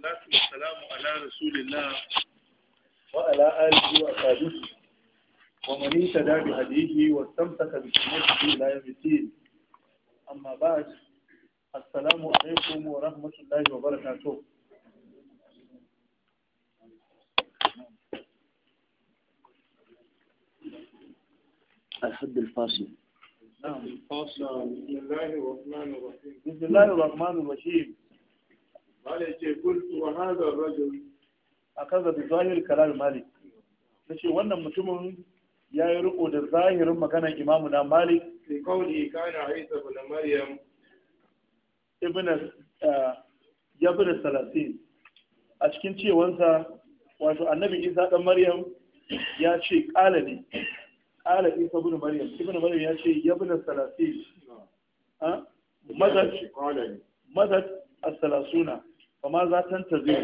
والصلاة والسلام على رسول الله وعلى آله وأصحابه ومن اهتدى بهديه واستمسك بسنته لا يمتين أما بعد السلام عليكم ورحمة الله وبركاته الحد الفاصل نعم الفاصل بسم الله الرحمن الرحيم بسم الله الرحمن الرحيم mala ce kultu wa hadha ar-rajul akaza bi zahir kalam malik ce wannan mutumin ya yi riko da zahirin maganar imamu na malik fi qawli kana isa ibn maryam ibn eh, yabir salasin a cikin cewansa wato annabi isa dan maryam ya ce kala ne kala isa ibn maryam ibn maryam ya ce yabir salasin mazat ah? mazat as-salasuna Kama za ta tazi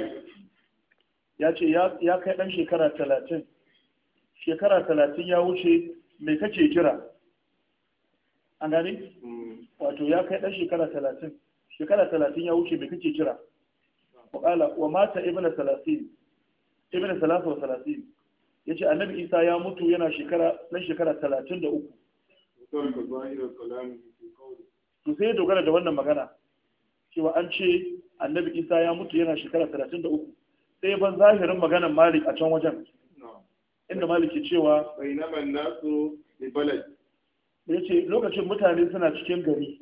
ya ce ya kai dan shekara talatin shekara talatin ya wuce me kace kira an gani? Mm. wato ya kai dan shekara talatin shekara talatin ya wuce me kace kira waƙala wa mata ibn salasin ibn salasa wa salasin ya ce annabi isa ya mutu yana shekara dan shekara talatin da uku to sai ya dogara da wannan magana cewa an ce annabi isa ya mutu yana shekara 33 da uku sai ban zahirin maganar malik a can wajen inda malik ke cewa bai nama nasu bi balad ya ce lokacin mutane suna cikin gari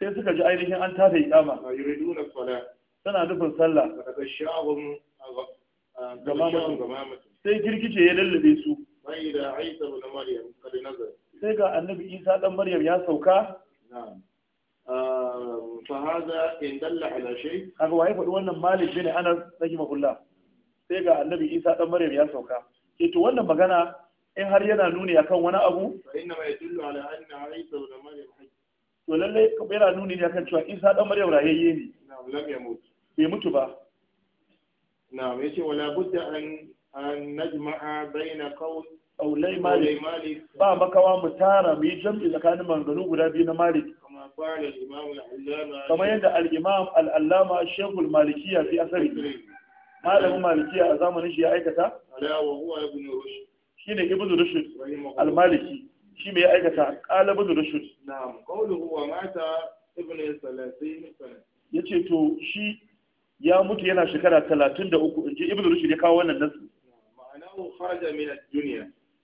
sai suka ji ainihin an tada ikama suna nufin sallah ah, sai girgije ya lullube su sai ga annabi isa dan maryam ya sauka فهذا in dalla ala shay kaga waye faɗi wannan malik bin anas rahimahullah sai ga annabi isa dan maryam ya sauka eh to wannan magana in har yana nuni akan wani abu fa inna ma to yana nuni ne akan cewa isa dan maryam rayayye ne lam yamut bai mutu ba na'am yace wala budda an an najma'a bayna qawl malik ba makawa mu tara mu yi jam'i tsakanin manganu guda biyu na malik kamar yadda al-imam al-allama shekul malikiya fi asari malamin malikiya a zamanin shi ya aikata shi ne ibn rushd al-maliki shi mai aikata qala ibn rushd na'am qawluhu wa mata ibn 30 sana yace to shi ya mutu yana shekara talatin da uku, 33 inji ibn rushd ya kawo wannan nasu ma'anahu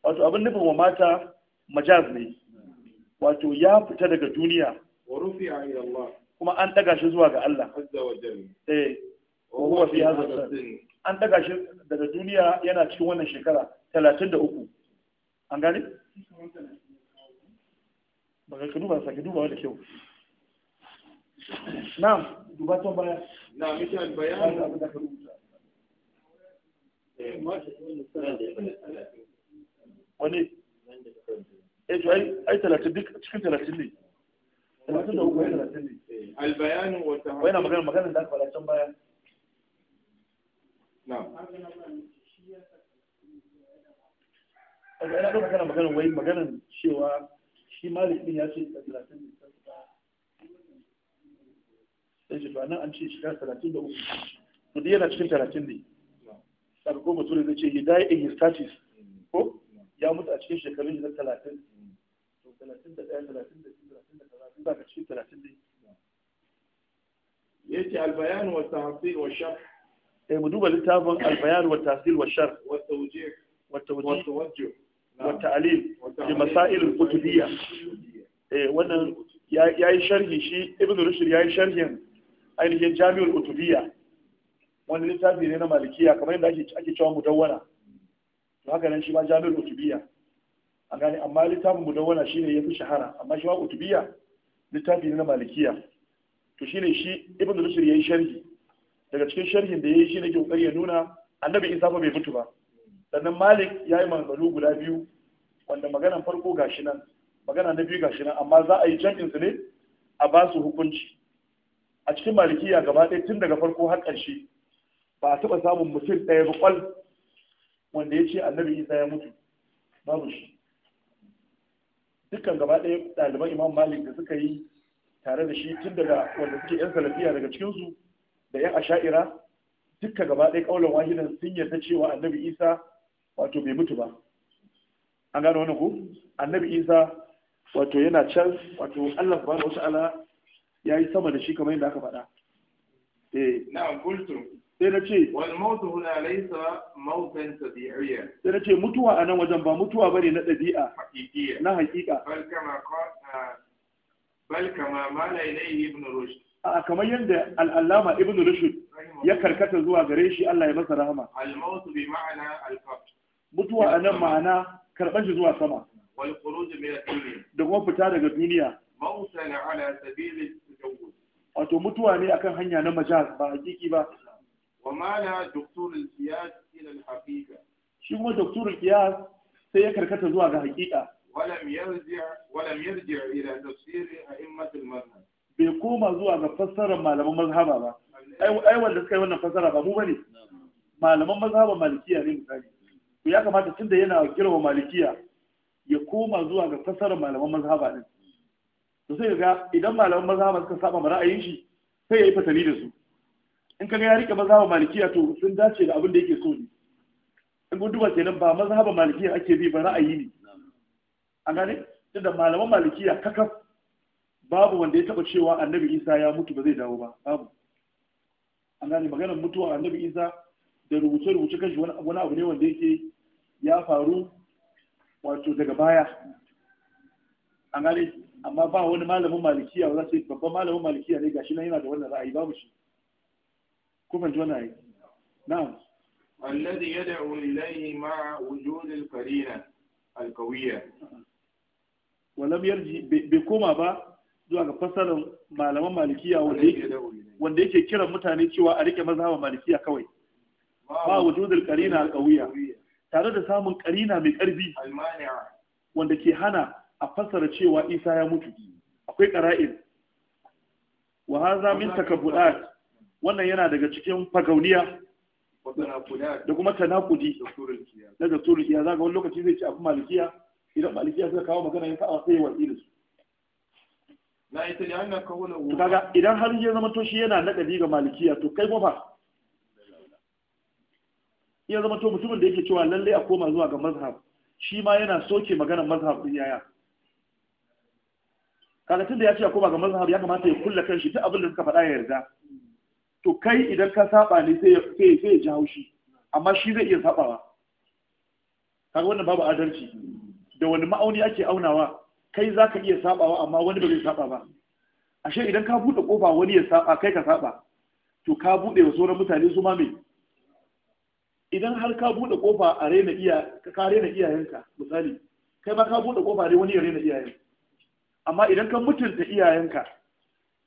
wato abin nufin wa mata majaz ne wato ya fita daga duniya kuma an daga shi zuwa ga Allah azza wa jalla eh wa huwa an daga shi daga duniya yana cikin wannan shekara 33 an gane baka ka duba sake dubawa da kyau Na, duba ton baya na misal bayan da ka ba. wani eh ai talatin duk cikin talatin ne البيان والتحقيق وين مكان مكان ده ولا كان بيان نعم ina ɗauka kana maganin wai maganar cewa shi malik ɗin ya ce talatin da sai shi nan an ce shiga talatin da uku to yana cikin talatin ne daga ko bature zai ce hidaya in his thirties mm. ko ya mutu a cikin shekarun shi na talatin mm. to talatin da ɗaya talatin da biyu yace al wa tahsil wa sharh eh mu duba littafin al wa tahsil wa sharh wa tawjih wa tawjih wa ta'lil fi masail al-qutubiyya eh wannan yayi sharhi shi ibn rushd yayi sharhin ainihin jami'ul qutubiyya wani littafi ne na malikiya kamar yadda ake cewa mudawwana to haka nan shi ma jami'ul qutubiyya a gane amma littafin dawana shine yafi shahara amma shi wa utubiya littafi ne na malikiya to shine shi ibn rushd yayi sharhi daga cikin sharhin da yayi shine ke kokari ya nuna annabi isa fa bai mutu ba sannan malik yayi manzalu guda biyu wanda maganan farko gashi nan magana na biyu gashi nan amma za a yi jam'in su ne a ba su hukunci a cikin malikiya gaba ɗaya tun daga farko har ƙarshe ba a taɓa samun mutum ɗaya ba kwal wanda ya ce annabi isa ya mutu babu shi dukkan gaba ɗaya ɗaliban imam malik da suka yi tare da shi tun daga wanda suke yan salafiya daga cikinsu da yan asha'ira dukka gaba ɗaya ƙaunar wahidan sun yarda cewa annabi isa wato bai mutu ba an gano wani ku, annabi isa wato yana can wato allah subhanahu wa ta'ala ya yi sama da shi kamar yadda aka faɗa eh na'am qultum sai na ce wal mautu huna laysa mautan tabi'iyya sai na ce mutuwa a nan wajen ba mutuwa bane na dabi'a na haqiqa bal kama bal kama mala ilayhi ibn rushd a kamar yadda al'allama ibn rushd ya karkata zuwa gare shi Allah ya masa rahama al mautu bi ma'ana al mutuwa a nan ma'ana karban shi zuwa sama wal khuruj min ad-dunya da kuma fita daga duniya mautan ala sabil at wato mutuwa ne akan hanya na majaz ba hakiki ba wa mala doktorul qiyas ila al-haqiqa shi kuma doktorul qiyas sai ya zuwa ga haƙiƙa. walam yarji walam yarji ila tafsir a'immat al-madhhab bai koma zuwa ga fassarar malaman mazhaba ba ai wanda suka yi wannan fassara ba mu bane malaman mazhaba malikiya ne misali to ya kamata tunda yana girma malikiya ya koma zuwa ga fassarar malaman mazhaba din to sai ga idan malaman mazhaba suka saba ma ra'ayin shi sai ya yi fasali da su in kaga ya rike mazhaban malikiya to sun dace da abin da yake so ne in kun duba kenan ba mazhaban malikiya ake bi ba ra'ayi ne an gane tunda malaman malikiya kakaf babu wanda ya taba cewa annabi isa ya mutu ba zai dawo ba babu an gane maganar mutuwa annabi isa da rubuce-rubuce kashi wani abu ne wanda yake ya faru wato daga baya an gane amma ba wani malamin malikiya wanda yi. babban malamin malikiya ne gashi nan yana da wannan ra'ayi babu shi ko ban tona Na na'am alladhi yad'u ilayhi ma'a wujud al-qarina al-qawiyya wa lam yarji bai koma ba zuwa ga fasalin malaman malikiya wanda yake kiran mutane cewa a rike mazhaban malikiya kawai ba wujudul qarina al-qawiyya tare da samun qarina mai karfi wanda ke hana a fassara cewa Isa ya mutu akwai qara'in wa hadha min takabbudat wannan yana daga cikin fagauniya da kuma tanakudi na da turukiya za ga wani lokaci zai ci abin malikiya idan malikiya suka kawo magana yin kawo sai ya watsi da su idan har yi zama to shi yana nakali ga malikiya to kai kuma iya zama to mutumin da yake cewa lallai a koma zuwa ga mazhab shi ma yana soke maganar mazhab din yaya kaga tunda ya ce a koma ga mazhab ya kamata ya kulla kanshi ta abin da suka faɗa ya yarda to kai idan ka saba ne sai ya ji haushi amma shi zai iya ba kaga wannan babu adalci da wani ma'auni ake aunawa kai za ka iya sabawa amma wani ba zai saba ba ashe idan ka buɗe ƙofa wani ya saba kai ka saba to ka buɗe wa sauran mutane su ma me idan har ka buɗe ƙofa a rena iya ka rena iyayenka misali kai ma ka buɗe ƙofa ne wani ya rena iyayen amma idan ka mutunta iyayenka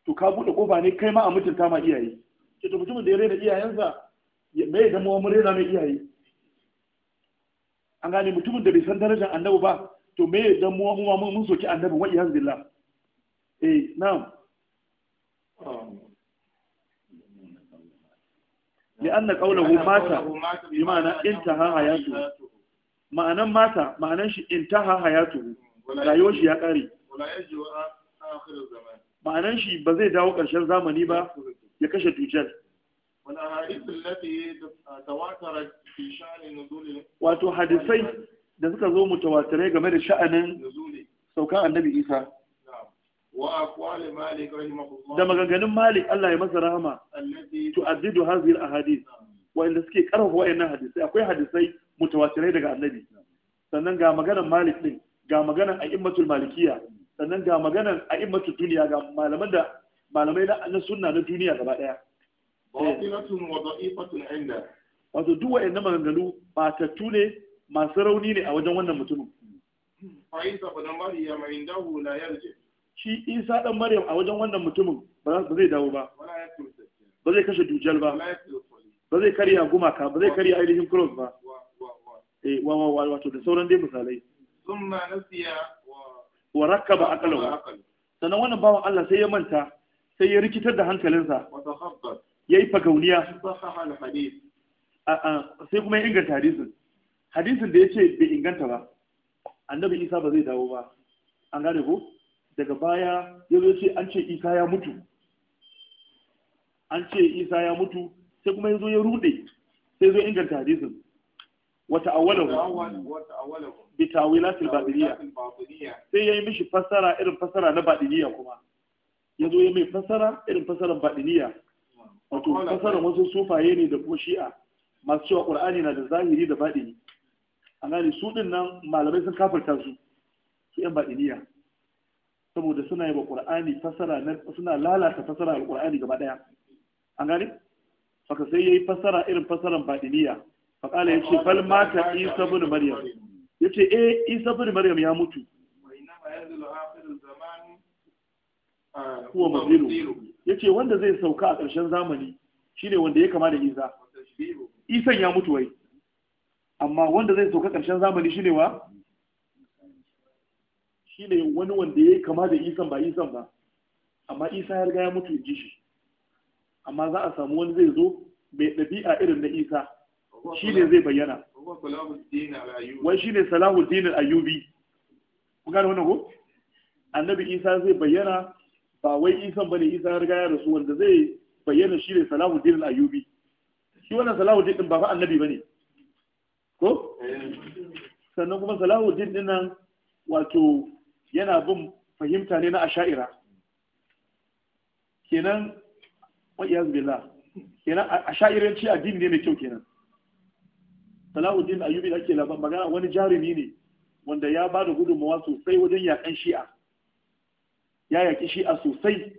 to ka buɗe ƙofa ne kai ma a mutunta ma iyaye ce to mutumin da ya rena iyayensa me ya zama mun rena mai iyaye an gane mutumin da bai san darajar annabi ba to me ya zama mu ma mun soki annabi wa iyaz zilla eh na'am mata bi ma'ana intaha hayatu ma'anan mata ma'anan shi intaha hayatu rayuwar shi ya ƙare ma'anan shi ba zai dawo ƙarshen zamani ba ya kashe dujjal. wato hadisai da suka zo mutawatirai game da sha'anin saukan annabi isa da maganganun malik Allah ya masa rahama tu'addidu hadhihi a hadis. Wa'inda suke karfafa wayannan hadisai akwai hadisai mutawatirai daga annabi sannan ga maganan malik din ga maganan a'immatul malikiya sannan ga maganan a'immatul duniya ga malaman da malamai na sunna na duniya gaba daya batilatun eh. wa da'ifatun inda wato duk wayannan maganganu batattu ne masu rauni ne a wajen wannan mutumin fa isa indahu la yarji shi isa dan maryam a wajen wannan mutumin ba zai dawo ba ba zai kashe dujal ba ba zai karya gumaka ba zai karya ainihin cross ba eh wa wa wato da sauran dai misalai thumma nasiya wa rakkaba aqlahu sannan wannan bawan Allah sai ya manta sai ya rikitar da hankalinsa ya yi fagauniya sai kuma ya inganta hadisin hadisin da ya ce bai inganta ba annabi isa ba zai dawo ba an gane ko daga baya ya zo ce an ce isa ya mutu an ce isa ya mutu sai kuma ya zo ya rude sai zo inganta hadisin wata awalahu bi tawilatil babiliya sai ya yi mishi fassara irin fassara na badiliya kuma ya zo ya mai fasara irin fasaran baɗiniya wato fasara wasu sufaye ne da kuma shi'a masu cewa ƙur'ani na da zahiri da baɗini a gane su ɗin nan malamai sun kafarta su su yan baɗiniya saboda suna yi wa ƙur'ani fasara suna lalata fasara al ƙur'ani gaba ɗaya an gane faka sai ya yi fasara irin fasaran baɗiniya faƙala ya ce falmata mata isa bin maryam ya ce eh isa bin maryam ya mutu huwa mazilu ce wanda zai sauka a ƙarshen zamani shine wanda ya kama da Isa Isan ya mutu wai amma wanda zai sauka ƙarshen zamani shine wa ne wani wanda ya kama da Isan ba Isan ba amma Isa ya riga ya mutu in ji shi amma za a samu wani zai zo mai ɗabi'a irin na Isa shi ne zai bayyana wai shi ne salahuddin dinar ayubi ku gane wannan ko annabi Isa zai bayyana ba wai isan bane isan riga ya rasu wanda zai bayyana shi ne salahuddin al-ayubi shi wannan salahuddin din ba fa annabi bane ko sannan kuma salahuddin din nan wato yana bin fahimta ne na asha'ira kenan iyaz billah kenan asha'iranci addini ne mai kyau kenan salahuddin ayubi ake magana wani jarumi ne wanda ya ba da gudunmawa sosai wajen yakan shi'a ya yaki shi'a sosai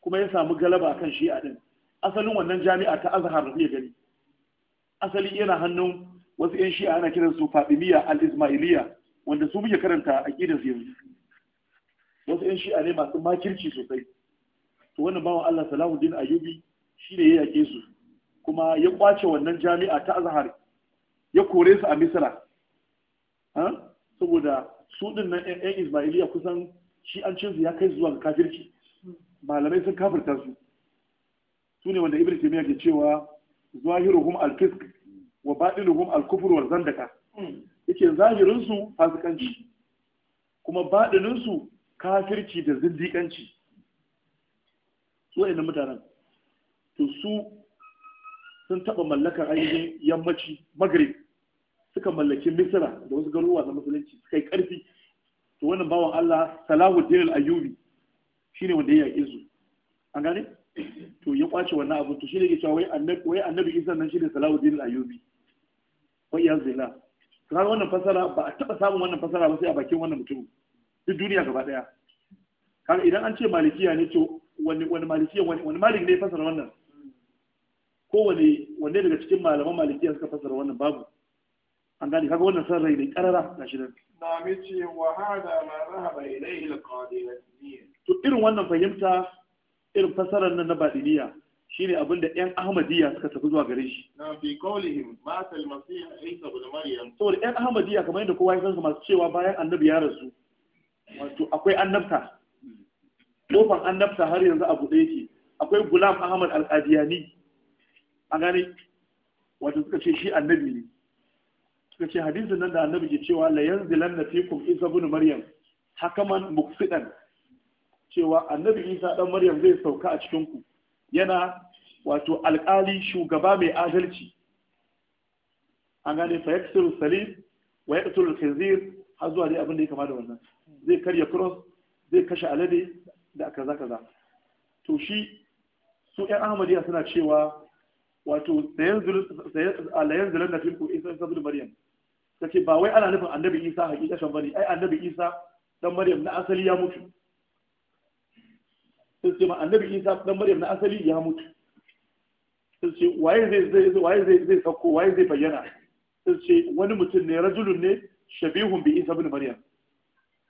kuma ya samu galaba kan shi'a din asalin wannan jami'a ta azhar ya gani asali yana hannun wasu 'yan shi'a ana kiran su fatimiyya al-ismailiyya wanda su muke karanta a ƙidan su yanzu wasu 'yan shi'a ne masu makirci sosai to wannan bawan Allah Salahuddin Ayyubi shine ya yake su kuma ya kwace wannan jami'a ta Azhar ya kore su a Misra saboda su din nan 'yan Ismailiyya kusan shi an cinsu ya kai zuwa ga kafirci malamai sun kafirta su su ne wanda ibrahim ya ke cewa zahiruhum al wa batiluhum al wa zandaka yake zahirinsu su fasikanci kuma baɗininsu su kafirci da zindiƙanci su wa'annan mutanen to su sun taɓa mallakar ainihin yammaci magrib suka mallaki misira da wasu garuruwa na musulunci suka yi ƙarfi to wannan bawan Allah Salahuddin al-Ayyubi shine wanda ya yaƙe su an gane to ya kwace wannan abu to shine ke cewa wai annabi wai annabi Isa nan shine Salahuddin al-Ayyubi wa iyaz billah to kaga wannan fasara ba a taba samun wannan fasara ba sai a bakin wannan mutum duk duniya gaba daya kaga idan an ce malikiya ne to wani wani malikiya wani wani malik ne ya fasara wannan ko wani wanne daga cikin malaman malikiya suka fasara wannan babu an gane kaga wannan sarrai rai ne karara gashi nan sami ce wa hada ma zahaba ilayhi al-qadiriyya to irin wannan fahimta irin fasarar nan na badiniya shine abin da 'yan ahmadiyya suka tafi zuwa gare shi na fi qawlihim ma sal masih isa ibn maryam to 'yan ahmadiyya kamar yadda kowa ya san masu cewa bayan annabi ya rasu wato akwai annabta kofan annabta har yanzu a buɗe ce, akwai gulam ahmad al-qadiyani a gane wato suka ce shi annabi ne suka ce hadisin nan da annabi ke cewa la yanzilan na fikum isa bin maryam hakaman muksidan cewa annabi isa dan maryam zai sauka a cikin ku yana wato alkali shugaba mai adalci an gane fa yaksiru salim wa yaqtulu khinzir har zuwa dai abin da ya kama da wannan zai karya cross zai kashe alade da kaza kaza to shi su ƴan ahmadiyya suna cewa wato sayan zilan na finku isa sabbin maryam ta ce ba wai ana nufin annabi isa hakikatan ba ne ai annabi isa dan maryam na asali ya mutu sai ce ma annabi isa dan maryam na asali ya mutu sai ce waye zai zai waye zai zai sauko waye zai bayyana sai ce wani mutum ne rajulun ne shabihun bi isa ibn maryam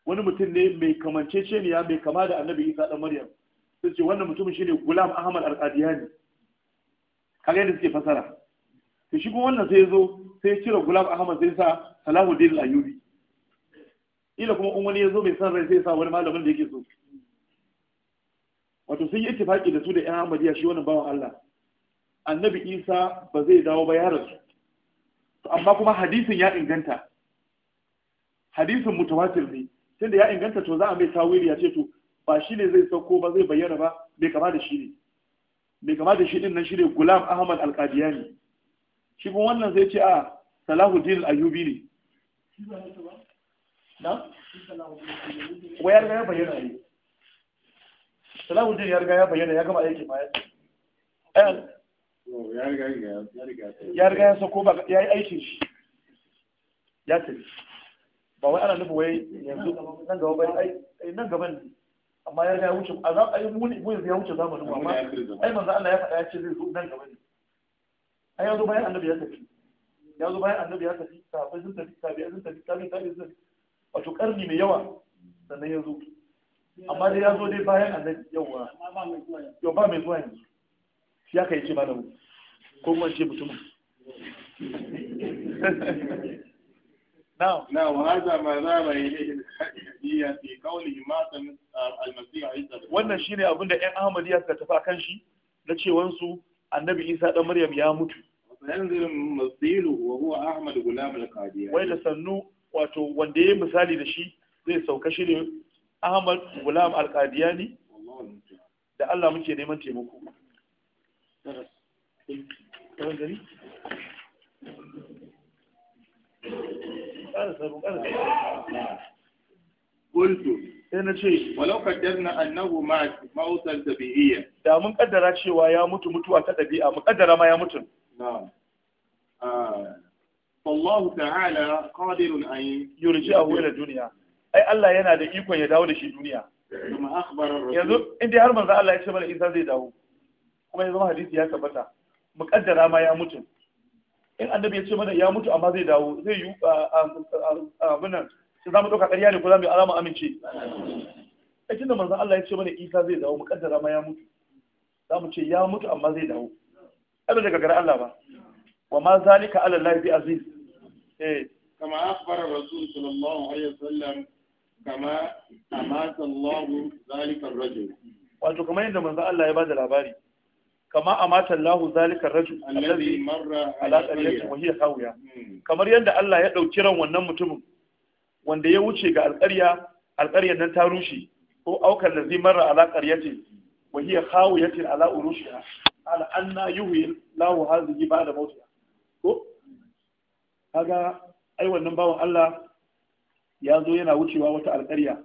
wani mutum ne mai kamanceceniya mai kama da annabi isa dan maryam sai ce wannan mutumin shine gulam ahmad al-qadiyani kaga yadda suke fasara to shi kuma wannan sai zo sai cire Gulab ahmad sai sa salahuddin al-ayubi ila kuma in wani ya zo mai san rai sai sa wani malamin da yake so wato sun yi ittifaki da su da yan amadiya shi wannan bawan Allah annabi Isa ba zai dawo ba ya rasu amma kuma hadisin ya inganta hadisin mutawatir ne tunda ya inganta to za a mai tawili ya ce to ba shi ne zai sauko ba zai bayyana ba bai kama da shi ne bai kama da shi din nan shi ne gulam ahmad alqadiyani shi kuma wannan zai ce a salahuddin ayyubi ne wai ya riga ya bayyana ne salahuddin ya riga ya bayyana ya gama aiki ma eh. oh, ya riga ya sako ba ya yi aikin shi ya tafi ba wai ana nufin wai yanzu nan gaba bai nan gaban amma ya riga ya wuce a za a yi muni ya wuce zamanin amma ai manzo Allah ya faɗa ya ce zai zo nan gaba ne ai yanzu bayan annabi ya tafi yanzu bayan annabi ya tafi sahabbai sun tafi tabi'ai sun tafi tafi, tafi, sun tafi wato karni mai yawa sannan ya zo amma dai ya zo dai bayan annabi yawa yau ba mai zuwa yanzu shi aka yi ce malamu ko kuma ce mutumin نعم نعم وهذا ما ذهب اليه الحديث في قوله مات المسيح عيسى wannan shine abin da ƴan Ahmadiyya suka tafi akan shi na cewansu annabi isa da maryam ya mutu wai da sannu wato wanda yi misali da shi zai sauka shi ne ahmad gulam al-qadiyani da Allah muke neman taimako Thank you. qultu sai na ce walau qaddarna annahu ma'a mautan tabi'iyya da mun kaddara cewa ya mutu mutuwa ta dabi'a mun kaddara ma ya mutu na'am Allah ta'ala qadirun an yurji'ahu ila dunya ai Allah yana da ikon ya dawo da shi duniya yanzu in har manzo Allah ya ce mana Isa zai dawo kuma yanzu zama hadisi ya tabbata muƙaddara ma ya mutu in annabi ya ce mana ya mutu amma zai dawo zai yi abinan shi za mu ɗauka ƙarya ne ko za mu yi alama amince a tunda manzon Allah ya ce mana Isa zai dawo mu kaddara ma ya mutu za mu ce ya mutu amma zai dawo abin daga gare Allah ba wa ma zalika ala Allah bi aziz eh kama akhbara rasul sallallahu alaihi wasallam kama amata Allah zalika rajul wato kamar yadda manzan Allah ya ba da labari kama amata Allah zalika ar-rajul alladhi marra ala qaryati wa hiya hawiya hmm. kamar yadda Allah ya dauki ran wannan mutumin wanda ya wuce ga alƙarya alƙaryar nan ta rushe ko aukar da zai mara ala ƙaryatin wa hiya khawiyatin ala urushiha ala anna yuhi lahu hadhihi ba'da mawtiha ko kaga ai wannan bawan Allah ya zo yana wucewa wata alƙarya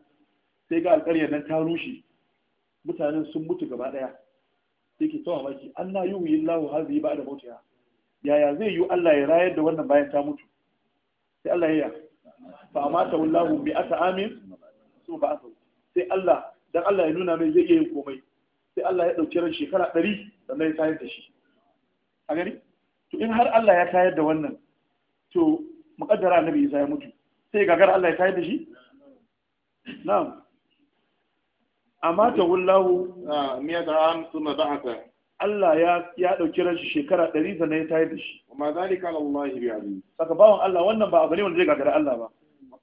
sai ga alƙaryar nan ta rushe mutanen sun mutu gaba ɗaya sai ke tawa maki anna yuhi lahu hadhihi ba'da mawtiha yaya zai yi Allah ya rayar da wannan bayan ta mutu sai Allah ya yi fa mata wallahu bi ata amin su ba asa sai Allah dan Allah ya nuna mai zai iya yin komai sai Allah ya dauki ran shekara 100 sannan ya tayar da shi a gani to in har Allah ya tayar da wannan to muqaddara annabi Isa ya mutu sai gagar Allah ya tayar da shi na'am amma ta wallahu ah, miya da am da haka Allah ya ɗauki dauki ran shi shekara 100 sannan ya tayar da shi amma zalika Allah bi aziz saka bawon Allah wannan ba abu ne wanda zai gagara Allah ba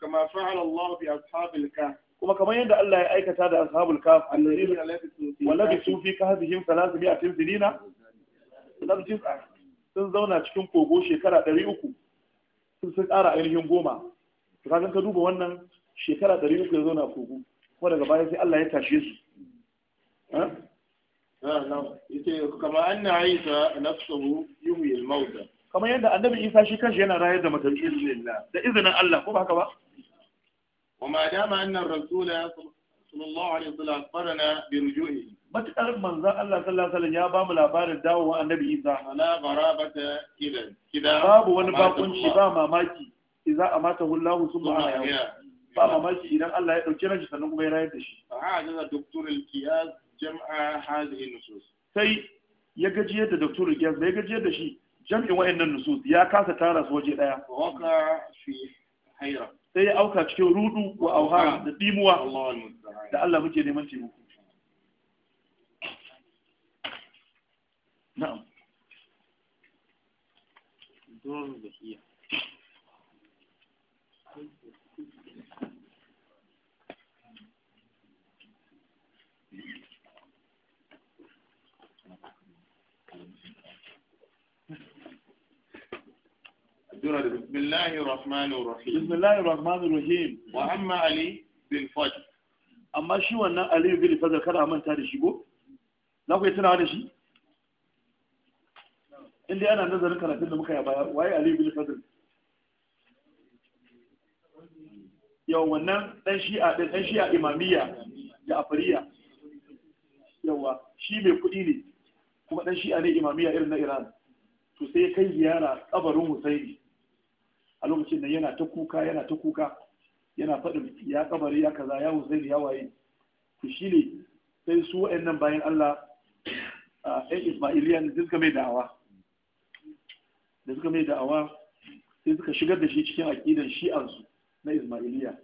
kama fa'ala Allah bi ashabil kahf kuma kamar yadda Allah ya aikata da ashabul kahf allazi wallahi su fi kahfihim 300 dinina sun zauna cikin kogo shekara ɗari uku. sun sun ƙara ainihin goma to kaga ka duba wannan shekara ɗari uku ya zauna kogo kuma daga baya sai Allah ya tashe su Ah, kama anna isa nafsuhu yuhyi al-mauta kamar yadda annabi isa shi kanshi yana rayar da mutum, mutane da izinin Allah ko ba haka ba wa ma dama anna ar-rasula sallallahu alaihi wasallam akhbarana bi ruju'ihi matakar manzon Allah sallallahu alaihi wasallam ya ba mu labarin dawowa annabi isa ala barabata kidan kidan babu wani bakunci ba mamaki idza amata wallahu subhanahu wa ta'ala ba mamaki idan Allah ya dauke shi sannan kuma ya rayar da shi a ga doktor al-qiyas jam'a hadhihi nusus sai ya gajiyar da Dr. Riyaz ya gajiyar da shi jam'in wayannan nusus ya kasa tara su waje daya waka fi hayra sai ya auka cikin rudu wa auha da dimuwa da Allah muke neman taimako na'am don da shi سورة بسم الله الرحمن الرحيم بسم الله الرحمن الرحيم وأما علي بالفجر أما شو أن علي بالفجر لا شيء اللي أنا نزل في علي yau wannan ɗan shi mai kuɗi ne kuma ɗan shi ne imamiya irin na iran to sai ya kai ziyara kabarin husaini a lokacin da yana ta kuka yana ta kuka yana faɗin ya kabari ya kaza ya huzai ya waye to shine sai su waɗannan bayan Allah ɗan Ismailiyan da suka mai da'awa da suka mai da'awa sai suka shigar da shi cikin aƙidan shi'ansu na Ismailiya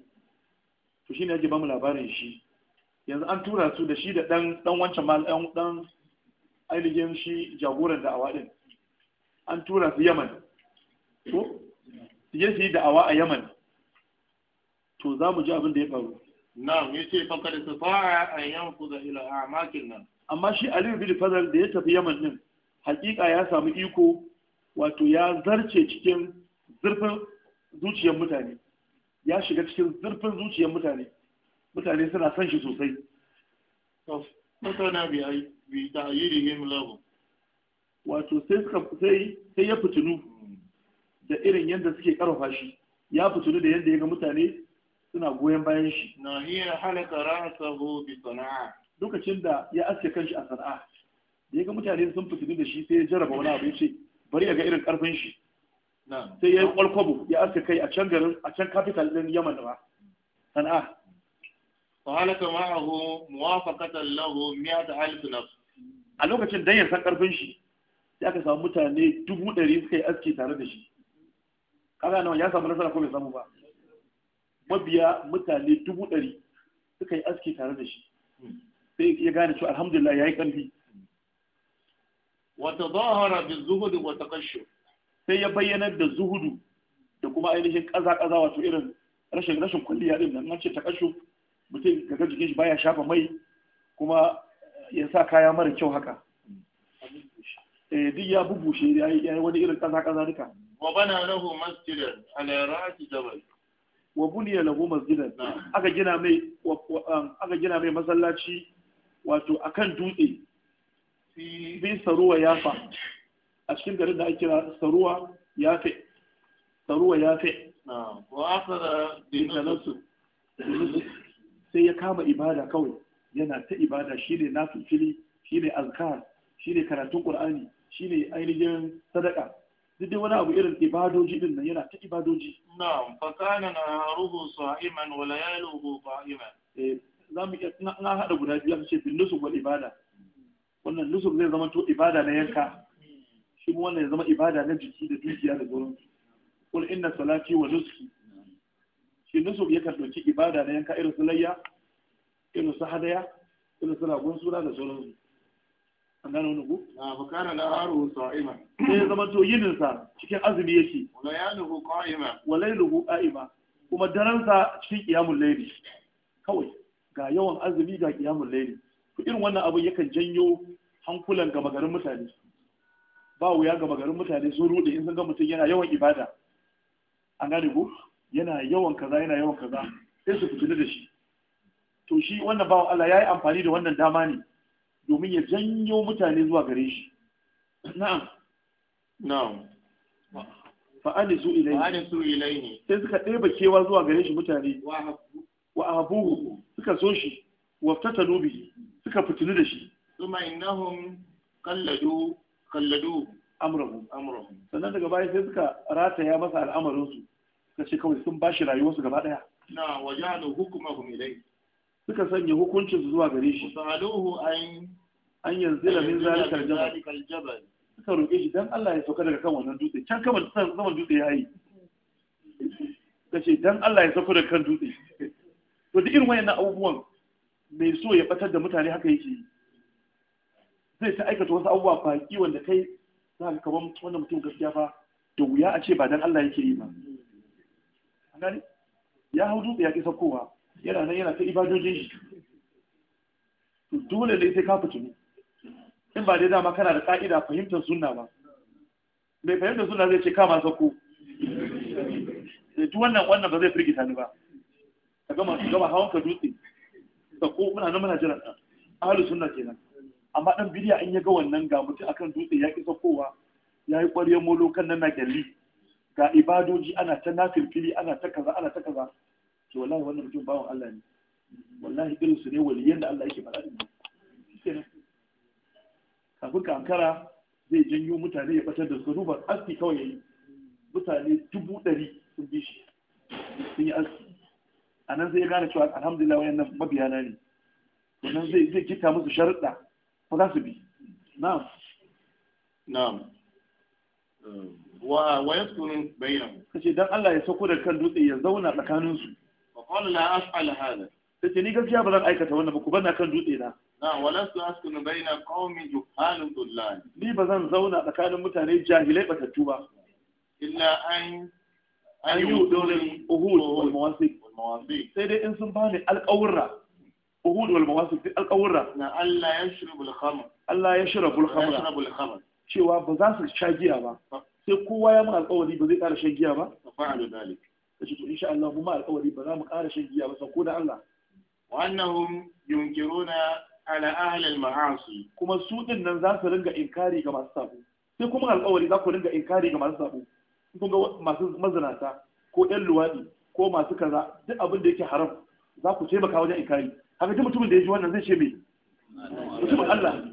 to shine yake ba mu labarin shi yanzu an tura su da shi da ɗan wancan mal ɗan ainihin shi jagoran da'awa ɗin an tura su Yaman su je su yi da'awa a yaman to za mu ji abin da ya faru na'am yace fa kada su fa'a an da ila makin nan amma shi Aliyu bin Fadl da ya tafi Yaman din hakika ya samu iko wato ya zarce cikin zurfin zuciyar mutane ya shiga cikin zurfin zuciyar mutane mutane suna son shi sosai mutana bi ta'yirihim lahu wato sai ya fitinu mm. da irin yadda suke karfafa shi ya fito da yadda ya ga mutane suna goyon bayan shi na hiya halaka rasahu bi sana'a lokacin da ya aske kanshi a sana'a da ya ga mutane sun fitulu da shi sai ya jarraba wani abu ce bari ya ga irin karfin shi sai ya yi kwalkwabo ya aske kai a can garin a can capital din Yaman ba sana'a fa halaka ma'ahu muwafaqatan lahu 100000 nafs a lokacin dan ya san karfin shi sai aka samu mutane dubu ɗari suka yi aski tare da shi kaga nan ya samu nasara ko bai samu ba mabiya mutane dubu ɗari suka yi aski tare da shi sai ya gane cewa alhamdulillah ya yi ƙarfi wata zahara bi zuhudu wata kashu sai ya bayyanar da zuhudu da kuma ainihin ƙaza-ƙaza wato irin rashin rashin kulliya din nan ce ta mutum ga jikin shi baya shafa mai kuma ya sa kaya mara kyau haka Eh, duk ya bubushe ya yi wani irin kaza kaza duka wa bana lahu masjidan ala ra'si jabal wa buniya lahu masjidan aka gina mai um, aka gina mai masallaci wato akan dutse bi saruwa yafa a cikin garin da ake kira saruwa yafe saruwa yafe wa akhara bi nasu sai ya kama ibada kawai yana ta ibada shine ne shine azkar shine karatun qur'ani Shi ne ainihin sadaka duk wani abu irin ibadoji din nan yana ta ibadoji na'am fa kana naharuhu sa'iman wa layaluhu qa'iman eh za mu na hada guda biyu ce bin nusuk wal ibada wannan nusuk zai zama to ibada na yanka shi mu wannan ya zama ibada na jiki da dukiya da gurin kul inna salati wa nusuki shi nusuk ya dauki ibada na yanka irin su layya irin su hadaya irin su ragon sura da sauransu an gano wani ku? na bukara na haru sa'ima sai ya zama to yininsa cikin azumi yake walayanuhu qa'ima walailuhu qa'ima kuma daransa cikin qiyamul layli kawai ga yawan azumi ga qiyamul layli to irin wannan abin yakan janyo hankulan gama garin mutane ba wuya gama garin mutane sun rude in sun ga mutum yana yawan ibada an gane ku? yana yawan kaza yana yawan kaza sai su fitina da shi to shi wannan bawa Allah ya yi amfani da wannan dama ne domin ya janyo mutane zuwa gare shi na'am na'am fa'alisu su fa'alisu ilaihi sai suka ɗeba kewa zuwa gare shi mutane wa ahabuhu suka so shi wa ftatanu bihi suka fitinu da shi kuma innahum kalladu kalladu amrahum sannan daga baya sai suka rataya masa al'amarin su suka ce kawai sun bashi rayuwarsu gaba daya na wajalu hukmahum ilayhi suka sanya hukuncin zuwa gare shi saluhu an an yanzila min zalikal jabal suka roƙe shi dan Allah ya sauka daga kan wannan dutse can kama saman dutse ya yi kace dan Allah ya sauka daga kan dutse to duk irin wayannan abubuwan mai so ya batar da mutane haka yake zai ta aikata wasu abubuwa faki wanda kai za ka kaman wannan mutum gaskiya fa da wuya a ce ba dan Allah yake yi ba ya hau dutse ya ke saukowa yana nan yana ta ibadojin shi dole ne sai ka ne. in ba dai dama kana da ka'ida fahimtar sunna ba mai fahimtar sunna zai ce kama sako Sai eh, wannan wannan ba zai firgita ni ba ka gama ka gama hawan ka dutse sako muna nan muna jiran ɗan ahalu sunna kenan amma ɗan bidiya in ya ga wannan ga mutum akan dutse ya ƙi sakowa ya yi ƙwaryen molo kan nan na gyalli ga ibadoji ana ta nafilfili ana ta kaza ana ta kaza to wallahi wannan mutum bawan Allah ne wallahi irin su ne waliyan da Allah yake faɗa da mu kafin kankara zai janyo mutane ya batar da su duba aski kawai ya yi, mutane dubu ɗari sun bi shi sun yi aski a nan zai gane cewa alhamdulillah wayannan mabiyana ne wannan zai zai kita musu sharuɗa ba za su bi na'am na'am wa wa yaskunu bayyana kace dan Allah ya sako da kan dutse ya zauna tsakaninsu fa qala la af'al hada tace ni gaskiya ba zan aikata wannan ba ku bana kan dutse na na wala su askunu baina qaumin juhalun dullal ni ba zan zauna tsakanin mutane jahilai ba illa an an yi wudurin uhud wal mawasiq sai dai in sun bani alƙawurra uhud wal na Allah ya shrabu al cewa ba za su sha giya ba sai kowa ya mun alƙawari ba zai ƙara shan giya ba kace to insha Allah mu ma alƙawari ba za mu ƙara shan giya ba sai ko da Allah Wannan annahum yunkiruna ala ahli al-ma'asi kuma su din nan za su ringa inkari ga masu sabo sai kuma alƙawari za ku ringa inkari ga masu sabo kun ga masu mazinata ko ɗan luwaɗi ko masu kaza duk abin da yake haram za ku taimaka wajen inkari haka duk mutumin da ya ji wannan zai ce me mutumin Allah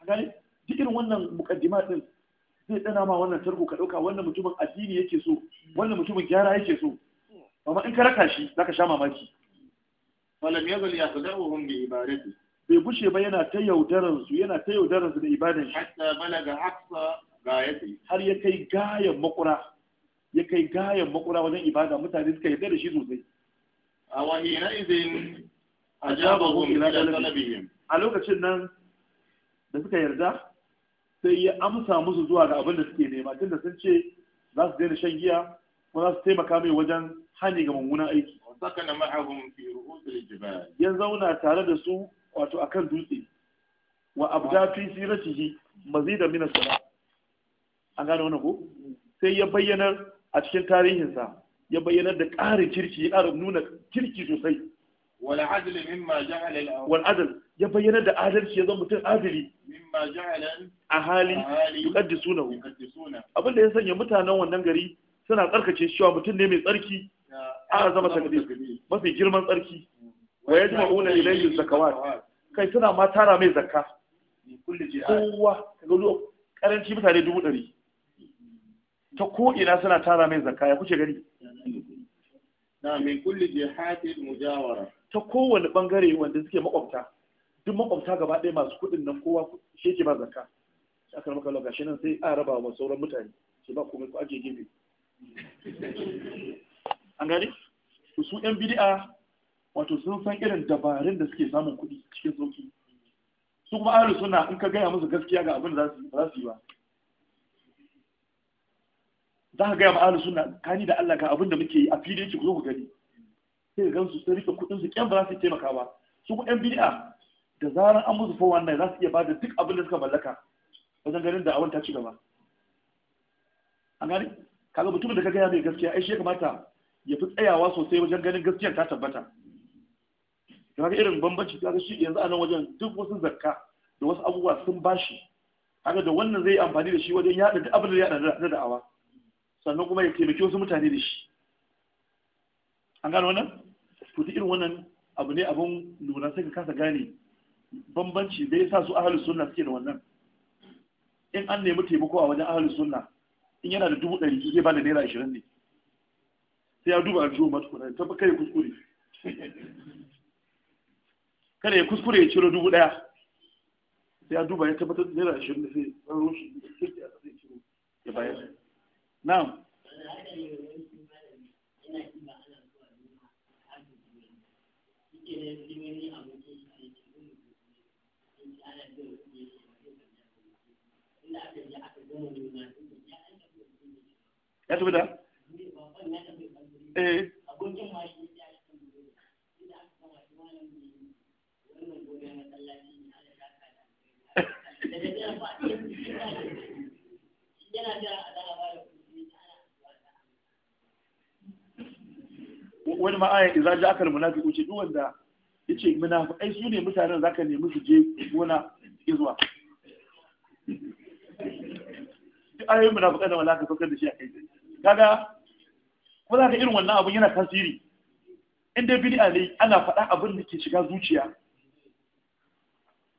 haka ne duk irin wannan mukaddima din zai dana ma wannan tarko ka dauka wannan mutumin addini yake so wannan mutumin gyara yake so amma in ka raka shi zaka sha mamaki falam yazal yaqdahuhum bi ibadati bai bushe ba yana ta yaudaran su yana ta yaudaran su da ibadan shi hatta balaga aqsa gayati har ya kai gayan makura ya kai gayan makura wajen ibada mutane suka yarda da shi sosai a wahina idin ajabahum ila talabihim a lokacin nan da suka yarda sai ya amsa musu zuwa ga abin da suke nema tunda sun ce za su daina shan giya ko za su taimaka mai wajen hani ga mummunan aiki ya zauna tare da su wato akan dutse wa abda fi siratihi mazi da mina sana. an gane wannan ko sai ya bayyanar a cikin tarihinsa ya bayyanar da ƙarin kirki ya ƙara nuna kirki sosai والعدل مما جعل ya bayyana da adalci ya zama mutum adali a hali yuqaddisunahu abinda ya sanya mutanen wannan gari suna tsarkace shi mutum ne mai tsarki a zama takdir mafi girman tsarki wa yajma'una ilayhi zakawat kai suna ma tara mai zakka kowa kaga karanci mutane dubu ɗari ta ko ina suna tara mai zakka ya kuce gari na min kulli jihatil mujawara ta kowane bangare wanda suke makwabta duk makwabta gaba ɗaya masu kuɗin nan kowa shi yake ba zakka shi aka maka lokaci nan sai a raba wa sauran mutane shi ba komai ko ake gefe an gani? su yan bid'a wato sun san irin dabarun da suke samun kuɗi cikin sauki su kuma ahlus sunna in ka gaya musu gaskiya ga abin da za su yi ba za ka gaya ma ahlus sunna kani da Allah ga abin da muke yi a fili yake ku zo ku gani sai gan su sun rike kudin su kyan ba za su taimaka ba su kuɗin bid'a da zaran an musu fowar nan za su iya bada duk abin da suka mallaka wajen ganin da awon ta ci gaba an gani kaga mutumin da ka gaya mai gaskiya ai shi ya kamata ya fi tsayawa sosai wajen ganin gaskiyar ta tabbata kaga irin bambanci kaga shi yanzu a nan wajen duk wasu zakka da wasu abubuwa sun bashi kaga da wannan zai amfani da shi wajen yaɗa duk abin da ya na da'awa sannan kuma ya taimaki wasu mutane da shi an gano wannan to duk irin wannan abu ne abun lura sai ka kasa gane bambanci da ya sa su ahlus sunna suke da wannan in an nemi taimako a wajen ahlus sunna in yana da dubu ɗari zai bada naira ashirin ne sai ya duba aljihu masu ya ta kai kuskure kada ya kuskure ya ciro dubu ɗaya sai ya duba ya tabbatar da naira ashirin ne sai ya roshi ya ciro ya bayar na'am ya tafi da? eh wani ma'ayin izaji akal munafi kuce duk wanda yace munafikai su ne mutanen zaka nemi su je gona izuwa duk ayoyin munafikai da malaka saukar da shi a kai kaga ko za ka irin wannan abun yana tasiri in dai bid'a ne ana faɗa abin da ke shiga zuciya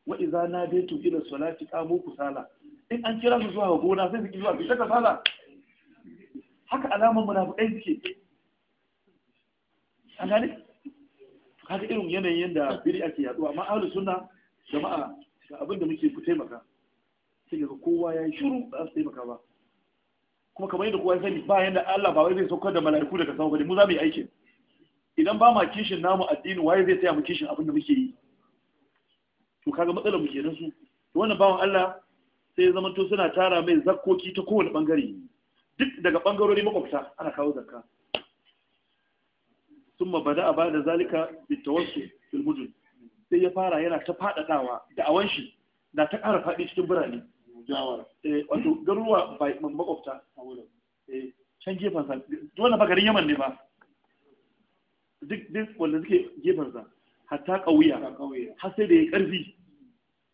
wa idza nadaytu ila salati qamu kusala in an kira su zuwa gona sai su zuwa bisa ta sala haka alaman munafikai suke an gane kaga irin yanayin da biri ake yaduwa amma ahlus sunna jama'a ga abin da muke ku taimaka sai ga kowa ya shiru ba su taimaka ba kuma kamar yadda kowa ya sani ba yanda Allah ba wai zai saukar da mala'iku daga sama bane mu za mu yi aikin idan ba ma kishin namu addini waye zai taya mu kishin abin da muke yi to kaga matsalar mu kenan su to wannan bawan Allah sai zaman to suna tara mai zakkoki ta kowane bangare duk daga bangarori makwabta ana kawo zakka summa bada ba da zalika bitawassu fil mudun sai ya fara yana ta fadadawa da awanshi shi na ta ƙara faɗi cikin birane eh, wato garuruwa bai maƙwabta. a eh, wurin can gefen sa dole ba garin yaman ne ba duk duk wanda suke gefen sa hatta ƙauya har sai da ya ƙarfi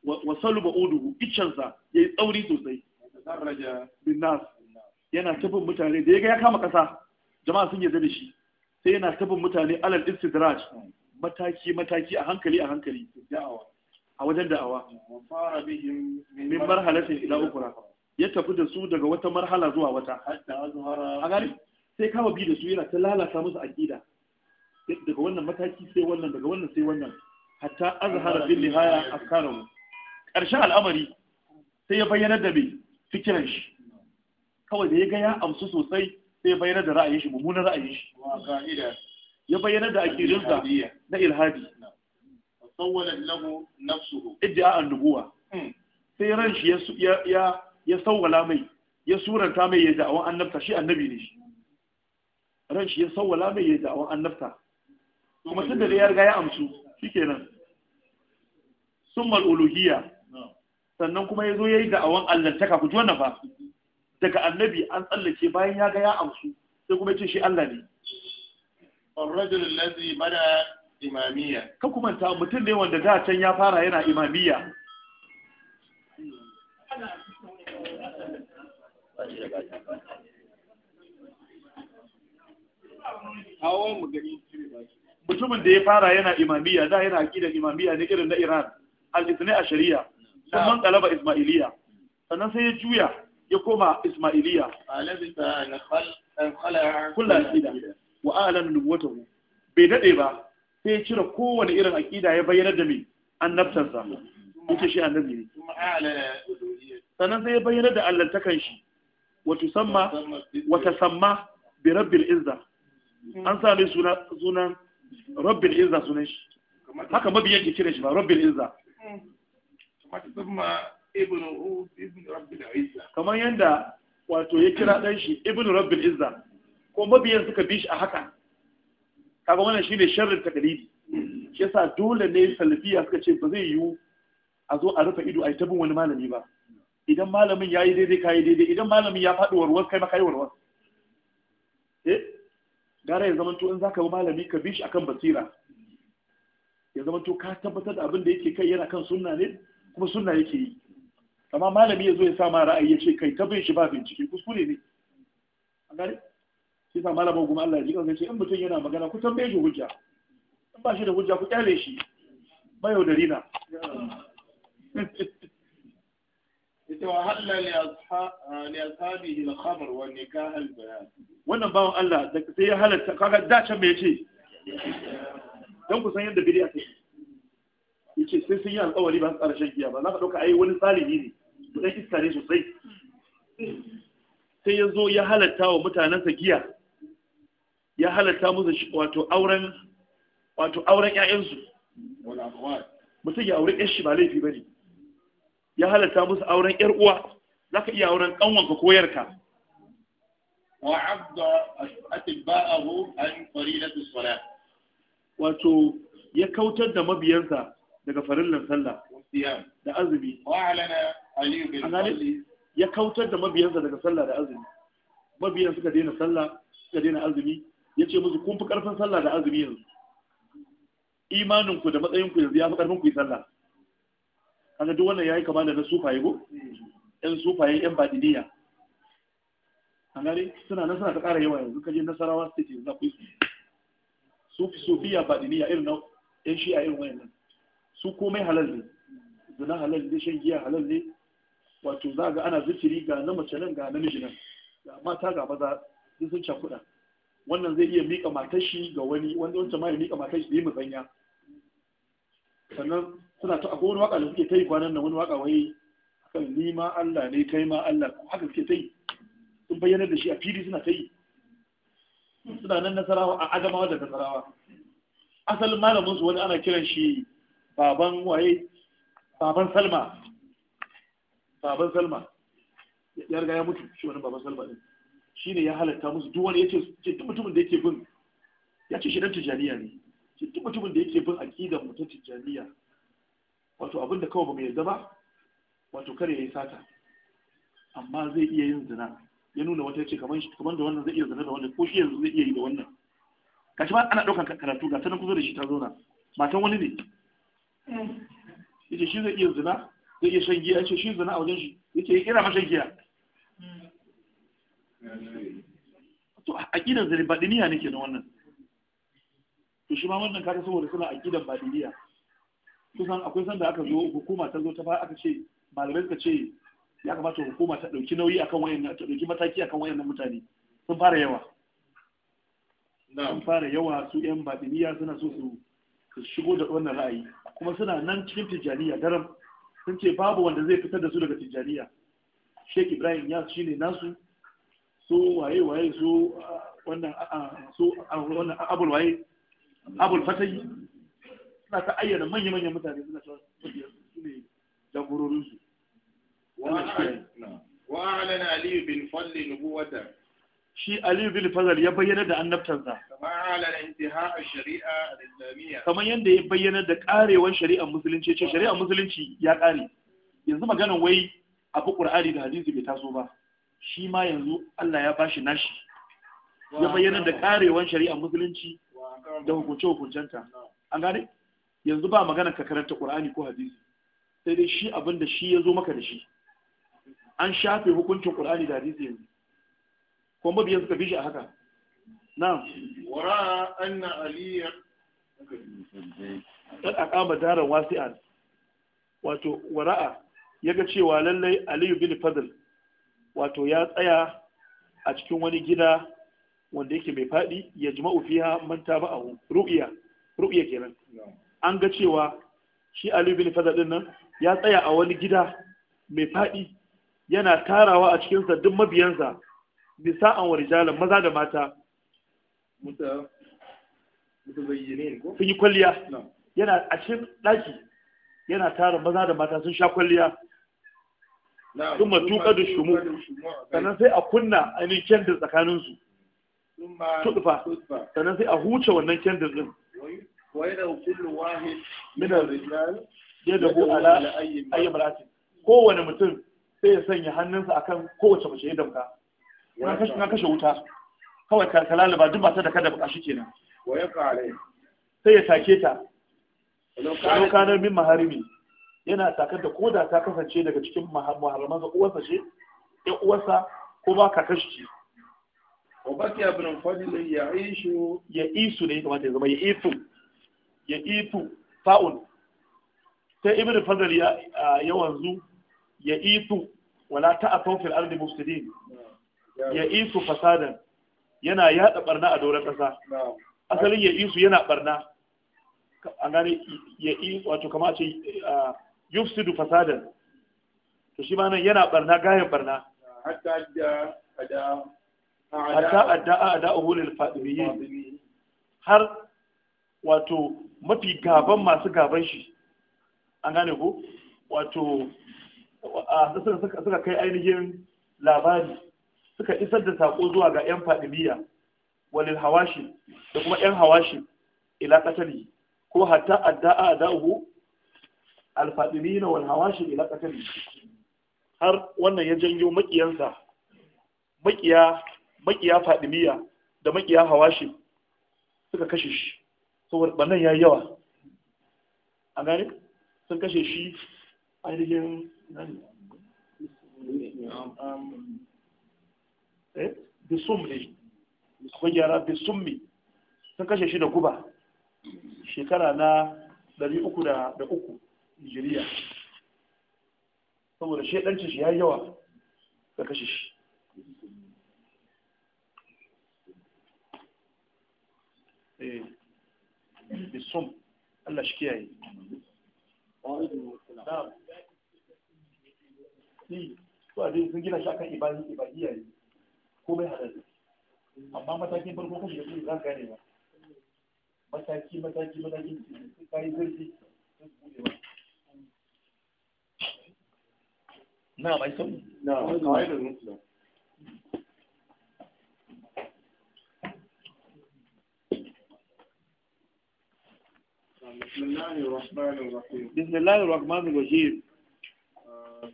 wa salu ba'udu iccen sa yayi tsauri sosai bin nas yana tafin mutane da ya ga ya kama ƙasa jama'a sun yi da shi sai yana tabin mutane alal istidraj mataki mataki a hankali a hankali a wajen da'awa min marhalatin ila ukura ya tafi da su daga wata marhala zuwa wata a gari sai kama bi da su yana ta lalata musu aqida daga wannan mataki sai wannan daga wannan sai wannan hatta azhara bil nihaya afkaru karshe al'amari sai ya bayyana da bai fikiran shi kawai da ya ga ya amsu sosai sai bayyana da ra'ayin shi mummunan ra'ayin shi ya bayyana da akidinsa na ilhadi sawwalan a annubuwa sai ran shi ya sauwala mai ya suranta mai ya da'awan annabta shi annabi ne shi ran shi ya sauwala mai ya da'awan annabta kuma tunda da ya riga ya amsu shikenan sun uluhiyya sannan kuma ya zo ya yi da'awan allantaka ku ji wannan fa daga annabi an tsallake bayan ya ga ya amsu sai kuma ce shi Allah ne ar-rajul allazi bada imamiyya ka kuma ta mutum ne wanda da can ya fara yana imamiyya mutumin da ya fara yana imamiyya da yana aƙidar imamiyya ne irin na Iran al-Ithni a shari'a sun man Ismailiyya sannan sai ya juya ya koma Ismailiyya kullum aƙida wa alan nubuwatahu bai daɗe ba sai ya cire kowane irin aƙida ya bayyana da mai annabtansa yake shi annabi ne sannan sai ya bayyana da allantakan shi wata samma wata samma bi rabbil izza an sami sunan rabbil izza sunan shi haka mabiyan ke cire shi ba rabbil izza kamar yadda wato ya kira ɗan shi ibn rabbil izza ko mabiyan suka bi shi a haka kaga wannan shine sharrin takalidi shi yasa dole ne salafiya suka ce ba zai yiwu a zo a rufe ido a yi tabin wani malami ba idan malamin ya yi daidai kayi daidai idan malamin ya faɗi warwar kai maka yi warwar eh? gara ya zama to in zaka bi malami ka bi shi akan basira ya zama ka tabbatar da abin da yake kai yana kan sunna ne kuma sunna yake yi amma malami ya zo ya sa ma ra'ayi ya ce kai ta bin shi ba bincike kuskure ne an gane shi sa malamin kuma Allah ya ji kansa ce in mutum yana magana ku tambaye shi hujja in ba shi da hujja ku kyale shi ba yaudari na ita wa halla li ashabihi al-khamr wa nikah al-bayan wannan bawon Allah da sai ya halatta kaga dace me yace dan ku san yadda bid'a take yace sai sun yi alƙawari ba su tsara shan giya ba za ka a yi wani salihi ne su iska ne sosai sai ya zo ya halatta wa mutanensa giya ya halatta musu wato auren wato auren ƴaƴansu mutum ya aure ƴar ba laifi ba ne. ya halatta musu auren ƴar uwa ka iya auren ƙanwanka ko yarka wa wato ya kautar da mabiyansa daga farin sallah da azumi ya kautar da mabiyansa daga sallah da azumi mabiyan suka daina sallah suka daina azumi ya ce musu kun fi karfin sallah da azumi yanzu imaninku da matsayinku yanzu ya fi karfin ku yi sallah kaga duk wannan yayi kama da na sufaye ko yan sufaye yan badiliya an gane suna nan suna ta ƙara yawa yanzu kaje nasarawa state yanzu akwai su sufiya badiliya irin na yan shi'a irin wayannan su komai halal ne zina halal ne shan giya halal ne wato za ga ana zikiri ga na mace nan ga namiji nan ga mata ga maza duk sun cakuɗa wannan zai iya miƙa matar shi ga wani wanda wancan ma ya miƙa matar shi da yi musanya sannan suna ta akwai wani waka da suke ta yi kwanan nan wani waka wai kan ni ma Allah ne kai ma Allah haka suke ta yi sun bayyana da shi a fili suna ta yi suna nan nasarawa a adamawa da nasarawa asalin malamin su wani ana kiran shi baban waye baban salma baban salma ya riga ya mutu shi wannan baban salma din shine ya halatta musu duk wani yace ce duk mutumin da yake bin ya ce shi dan tijaniya ne ce duk mutumin da yake bin mu ta tijaniya wato abin da kawai ba mai yarda ba wato kare yayi sata amma zai iya yin zina ya nuna wata ce kamar kamar da wannan zai iya zina da wannan ko shi yanzu zai iya yi da wannan kashi ma ana daukan karatu ga sanin kuzo da shi ta zauna matan wani ne mm. yace shi zai iya zina zai iya shan giya yace shi zina a wajen shi yace ina mashan giya to a kidan zari badiniya ne na wannan to shi ma wannan kaga saboda suna a aqidan badiniya kusan akwai sanda aka zo hukuma ta zo ta ba aka ce malamai suka ce ya kamata hukuma ta dauki nauyi akan wayannan ta dauki mataki akan wayannan mutane sun fara yawa sun fara yawa su yan badiniya suna so su shigo da wannan ra'ayi kuma suna nan cikin tijjaniya daram sun ce babu wanda zai fitar da su daga tijjaniya sheik ibrahim ya shi ne nasu so waye waye so ah, wannan ah, ah, so wannan abul waye abul fatayi suna ta ayyana manya-manyan mutane suna ta su ne jagororinsu wa'alana aliyu bin fadli nubuwata shi Aliyu bin Fazal ya bayyana da annabtansa kamar yadda ya bayyana da karewar shari'ar musulunci ce shari'ar musulunci ya kare yanzu maganan wai abu Qur'ani da hadisi bai taso ba shi ma yanzu Allah ya bashi nashi ya bayyana da karewar shari'ar musulunci da hukunce hukuncenta an gane yanzu ba magana ka karanta Qur'ani ko hadisi sai dai shi abin da shi ya zo maka da shi an shafe hukuncin Qur'ani da hadisi yanzu kuma mabiya suka bi shi a haka na wara anna aliya dan aqama daran wasi'an wato wara'a yaga cewa lallai aliyu bin fadl wato ya tsaya a cikin wani gida wanda yake mai faɗi ya jima'u fiha manta ba a ruɓiya ke kenan an ga cewa shi aliyu bin fadl din nan ya tsaya a wani gida mai faɗi yana tarawa a cikinsa duk mabiyansa an wa rijalan maza da mata sun yi kwalliya yana a cikin ɗaki yana tara maza da mata sun sha kwalliya sun matuƙa da shumu sannan sai a kunna ainihin kyandir tsakaninsu tuɗufa sannan sai a huce wannan kyandir ɗin ya dabu ala ayyamaratin kowane mutum sai ya sanya hannunsa akan kowace mace ya damka na kashe wuta kawai karkala ba duk ta da ka da shi kenan wa kare sai ya sake ta lokanar min maharimi yana takar da koda ta kasance daga cikin da uwarsa ce ya uwarsa ko ba ka kashe ce wa baki abin fadil ya ishu ya isu ne kamata ya zama ya ifu ya ifu fa'un sai ibn ya yawanzu ya ifu wala ta'atun fil ardi mufsidin ya isu fasadan yana yada barna a doron kasa. asalin ya isu yana barna an gane ya isu wato kama ce yufsidu fasadan to shi ma yana barna gayan barna hatta da hatta adda'a da uhulil fadiliyin har wato mafi gaban masu gaban shi an gane ko wato a suka kai ainihin labari suka isar da saƙo zuwa ga 'yan fadiliya walil hawashi da kuma 'yan hawashi ila katali ko hatta adda'a ada'uhu alfadilina wal hawashi ila katali har wannan ya janyo makiyansa makiya makiya fadiliya da makiya hawashi suka kashe shi saboda ya yayi yawa a sun kashe shi ainihin Eh? bisumli akwai gyara bisummi sun kashe shi da guba shekara na 303 nigeria saboda shaidancin shi ya yi yawa da kashe shi eh. bisum Allah shi kiyaye ba ni sun gina shi akan ibadiyya ne komai haɗari amma matakin farko kuma da za ka gane ba mataki mataki mataki sai ka zurfi na mai sauri na kawai da nufin بسم الله الرحمن الرحيم بسم الله الرحمن الرحيم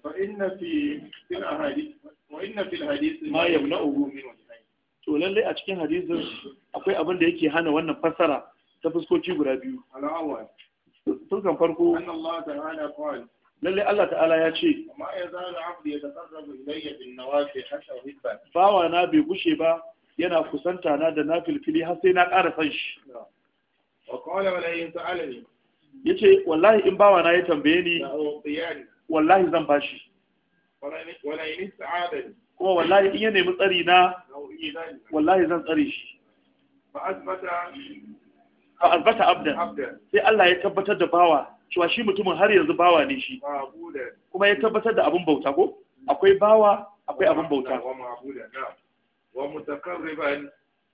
فإن في في الأحاديث وإن في الحديث ما يمنعه من وجهين to lallai a cikin hadisin akwai abin da yake hana wannan fassara ta fuskoki guda biyu kan farko lallai Allah ta'ala ya ce ya bawa na bai gushe ba yana kusanta na da nafilfili har sai na ƙara san shi ya ce wallahi in bawa na ya tambaye ni wallahi zan bashi kuma wallahi in ya nemi tsari na wallahi zan tsari shi A azbata abdan sai Allah ya tabbatar da bawa cewa shi mutumin har yanzu bawa ne shi kuma ya tabbatar da abin bauta ko akwai bawa akwai abin bauta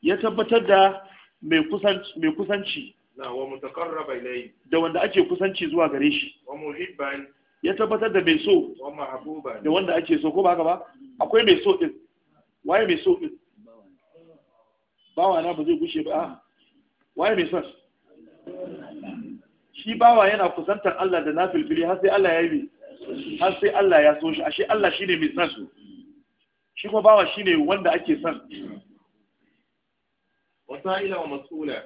ya tabbatar da mai kusanci da wanda ake kusanci zuwa gare shi ya tabbatar da mai so da wanda ake so ko ba ka ba akwai mai so din waye mai so din bawa na ba zai gushe ba ah, waye mai son shi bawa yana kusantar Allah da na filfili har sai Allah ya yi har sai Allah ya so shi shi Allah ne mai son shi kuma bawa ne wanda ake son wa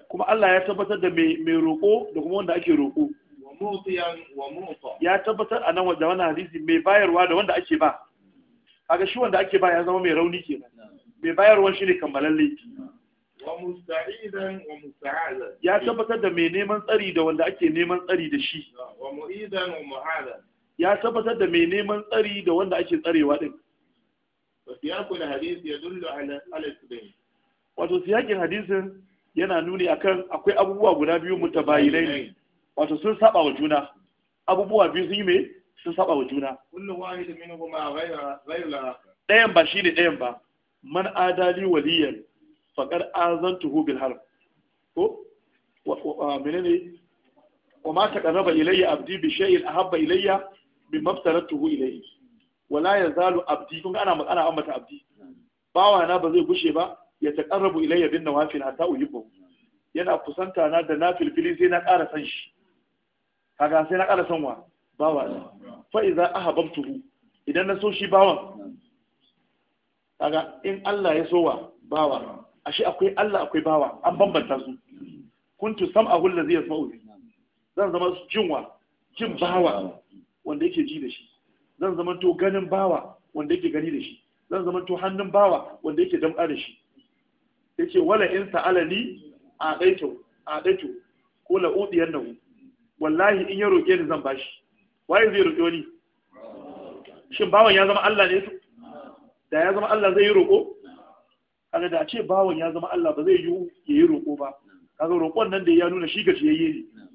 kuma Allah ya tabbatar da mai roƙo da kuma wanda ake roƙo ya tabbatar a nan da wani hadisi mai bayarwa da wanda ake ba kaga shi wanda ake ba ya zama mai rauni kenan mai bayarwan shi ne kammalalle ya tabbatar da mai neman tsari da wanda ake neman tsari da shi ya tabbatar da mai neman tsari da wanda ake tsarewa din wato siyakin hadisin yana nuni akan akwai abubuwa guda biyu mutabayilai ne wato sun saba wa juna abubuwa biyu sun yi me sun saba wa juna kullu wahid minhuma ghayra ghayra dayan ba shine dayan ba man adali waliyan faqad azantuhu bil harb ko menene wa ma taqarraba ilayya abdi bi shay'in ahabba ilayya mimma aftaratuhu ilayhi wala yazalu abdi kun ana ana ambata abdi bawa na ba zai gushe ba ya taqarrabu ilayya bin nawafil hatta uhibbu yana kusanta na da nafil fili sai na ƙara san shi kaga sai na ƙara son wa bawa ɗin fa iza ahabbtuhu idan na so shi bawa, kaga in Allah ya so wa bawa ashe akwai Allah akwai bawa an bambanta su kuntu sam'ahu allazi yasma'u zan zama jinwa jin bawa wanda yake ji da shi zan zama to ganin bawa wanda yake gani da shi zan zama to hannun bawa wanda yake damƙa da shi yace wala in sa'alani a daito a daito ko la udiyan nahu wallahi in ya roƙe ni zan bashi waye zai roƙe wani shin bawan ya zama Allah ne su da ya zama Allah zai yi roƙo kaga da ce bawan ya zama Allah ba zai yi ya yi roƙo ba kaga roƙon nan da ya nuna shi gajiyayye ne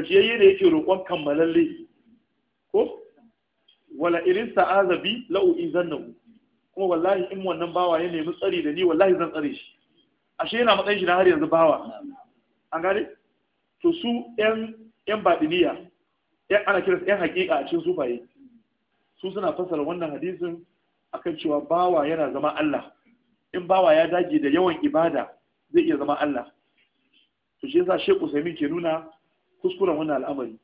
gajiyayye ne yake roƙon kammalalle ko wala irin sa'azabi la'u izannahu kuma wallahi in wannan bawa ya nemi tsari da ni wallahi zan tsare shi ashe yana matsayin shi na har yanzu bawa an gane to su yan yan baɗiniya, yan ana kira yan haƙiƙa a cikin sufaye su suna fassara wannan hadisin a kan cewa bawa yana zama Allah in bawa ya dage da yawan ibada zai iya zama Allah to shi yasa Sheikh Usaimin ke nuna kuskuren wannan al'amari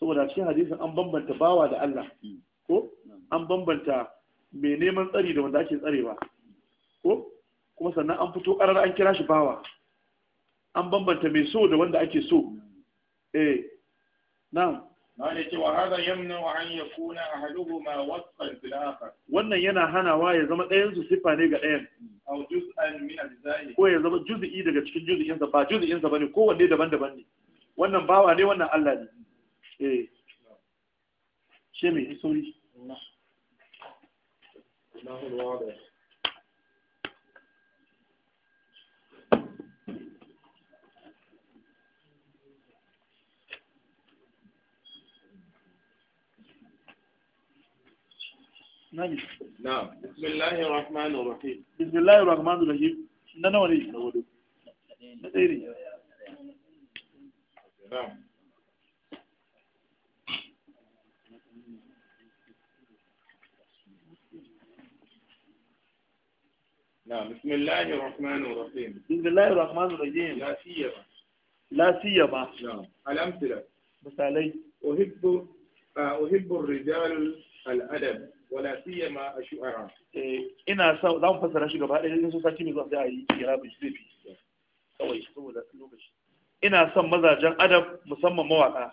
saboda cikin hadisin an bambanta bawa da Allah ko an bambanta mai neman tsari da wanda ake tsarewa ko kuma sannan an fito karar an kira shi bawa an bambanta mai so da wanda ake so eh na'am Mali cewa hada yamna wa an yakuna ahaduhuma wasfan fil akhar wannan yana hanawa ya zama ɗayan su sifa ne ga ɗayan aw juz'an min ajza'i ko ya zama juz'i daga cikin juz'in sa ba juz'in sa bane kowanne daban-daban ne wannan bawa ne wannan Allah ne eh she me sorry Allahu نعم. نعم بسم الله الرحمن الرحيم بسم الله الرحمن الرحيم نعم، نعم. نعم نعم بسم الله الرحمن الرحيم بسم الله الرحمن الرحيم لا سيما لا سيما نعم الأمثلة علي أحب آه، أحب الرجال الأدب Eh, ina a ina son mazajen adam musamman mawaka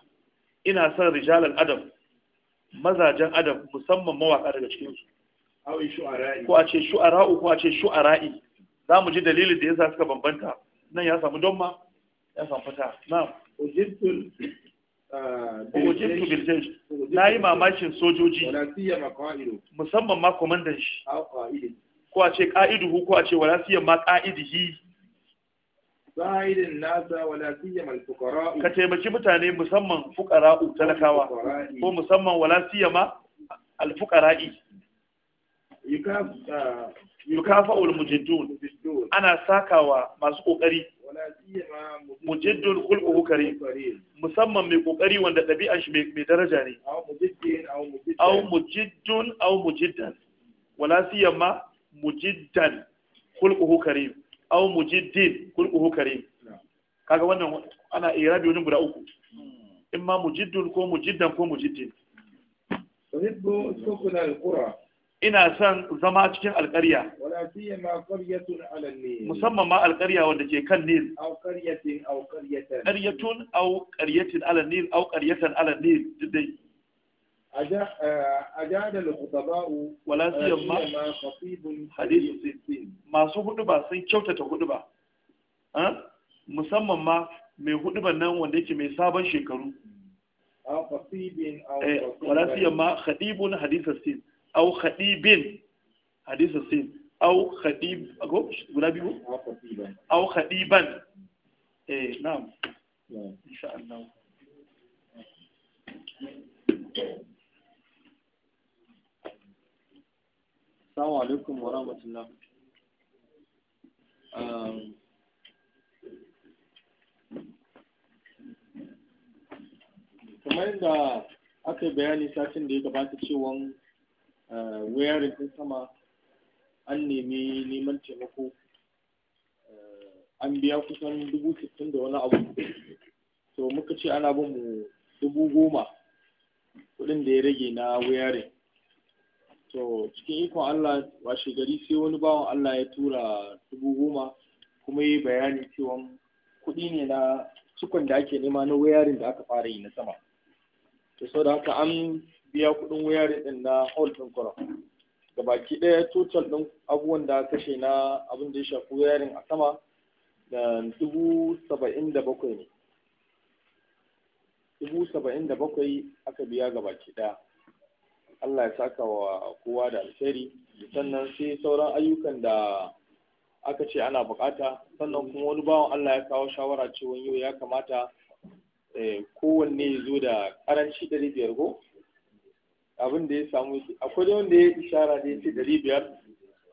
ina son rijalar adam mazajen adam musamman mawaka daga cikin su ko a ce shu'ara'u ko a ce shu'ara'i za mu ji dalilin da sa suka bambanta nan ya samu don ma ya samu Ujibtu bil na yi mamakin sojoji musamman ma komandan shi ko a ce hu, ko a ce wala siya ma ƙa'idu sa'idin nasa wala ka taimaki mutane musamman fuqara talakawa ko musamman wala siya ma alfukara fuqara'i yukafa uh, ul mujaddun ana sakawa masu kokari mujiddul khulqu karim musamman mai kokari wanda ɗabi'an shi mai daraja ne aw mujiddun aw mujiddan wala siyamma mujiddan khulquhu karim aw mujiddin khulquhu karim kaga wannan ana irabi wani guda uku imma mujiddun ko mujiddan ko mujiddin tuhibbu sukun al-qura ina son zama cikin alƙarya musamman ma alƙarya wanda ke kan nil ƙaryatun au ƙaryatun ala nil au ƙaryatan ala nil dai أجاد الخطباء ولا سيما خطيب حديث السين ما سو هدبا سن كيوتة musamman ma mai huduban nan wanda yake mai sabon shekaru eh, wala ma khadibun hadith as-sin أو khadibin حديث sin أو khadib ko guda biyu au khadiban eh na'am insha Allah Assalamu alaikum wa rahmatullah. kamar da aka bayani satin da ya gabata cewa Eh, wayarin ɗin sama an nemi neman taimako eh, an biya kusan dubu sittin da wani abu to muka ce ana bin mu dubu goma kuɗin da ya rage na wayarin to cikin ikon Allah washe gari sai wani bawan Allah ya tura dubu goma kuma yi bayani cewa kuɗi ne na cikon da ake nema na wayarin da aka fara yi na sama to sau da haka an biya kudin wuya din na hall din kuram gabaki daya total din abubuwan da kashe na abin da ya shafi wayarin a sama da dubu saba'in da bakwai ne dubu saba'in da bakwai aka biya gabaki daya Allah ya saka wa kowa da alheri sannan sai sauran ayyukan da aka ce ana bukata sannan kuma wani bawan Allah ya kawo shawara cewa yau ya kamata eh, kowanne ya zo da karanci 500. abin da ya samu akwai da wanda ya ishara da ya ce ɗari biyar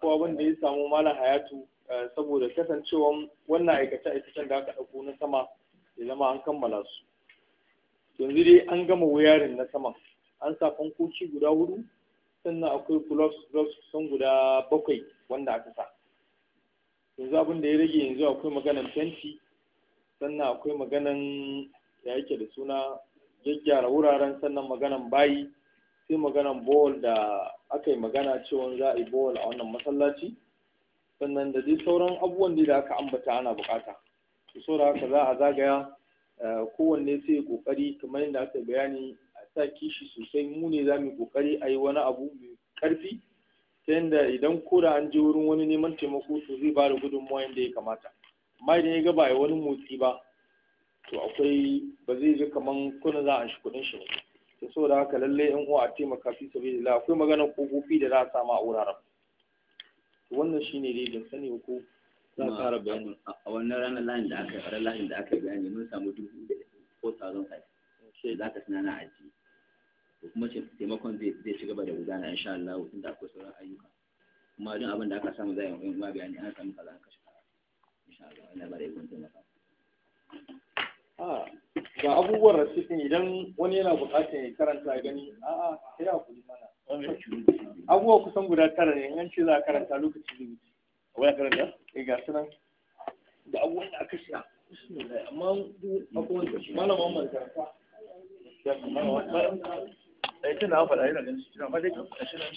ko abin da ya samu malam hayatu eh, saboda kasancewar wannan aikace aikacen da aka ɗauko na sama ya zama an kammala su yanzu dai an gama wuyarin na sama an sa fankoki guda hudu sannan akwai gloves gloves sun guda bakwai wanda aka sa yanzu abin da ya rage yanzu akwai maganan fenti sannan akwai maganan ya yake da suna gyaggyara wuraren sannan maganan bayi sai magana bowl da aka yi magana cewa za a yi bowl a wannan masallaci sannan da dai sauran abubuwan da aka ambata ana bukata to so da haka za a zagaya eh, kowanne sai ya kokari kamar yadda aka bayani a sa kishi sosai mu ne za mu kokari a yi wani abu mai karfi ta yadda idan ko da an je wurin wani neman taimako to zai ba da gudunmawa yadda ya kamata amma idan ya ga ya wani motsi ba to akwai ba zai je kaman kuna za a shi kuɗin shi ne to da haka lalle yan uwa a taimaka fi sabilillah akwai ko kofofi da za a samu a wuraren wannan shine dai da sani ko za a fara bayani a wannan ranar layin da aka ranar layin da aka bayani mun samu dubu ko tsaron kai sai za ka tunana a ji to kuma taimakon zai zai ci gaba da gudana insha Allah da akwai sauran ayyuka kuma duk abin da aka samu zai yi ma bayani an samu kaza an kashe kaza insha Allah ina ba da na taimaka Ah, ga abubuwan rasitin idan wani yana buƙatar ya karanta gani a'a sai a kuli mana abubuwa kusan guda tara ne an ce za a karanta lokaci zai wuce karanta eh ga su nan da abubuwan da aka sha amma abubuwan malama mai karanta ya kamar wani ɗaya tana faɗa yana ganin shi na ma dai kan shi nan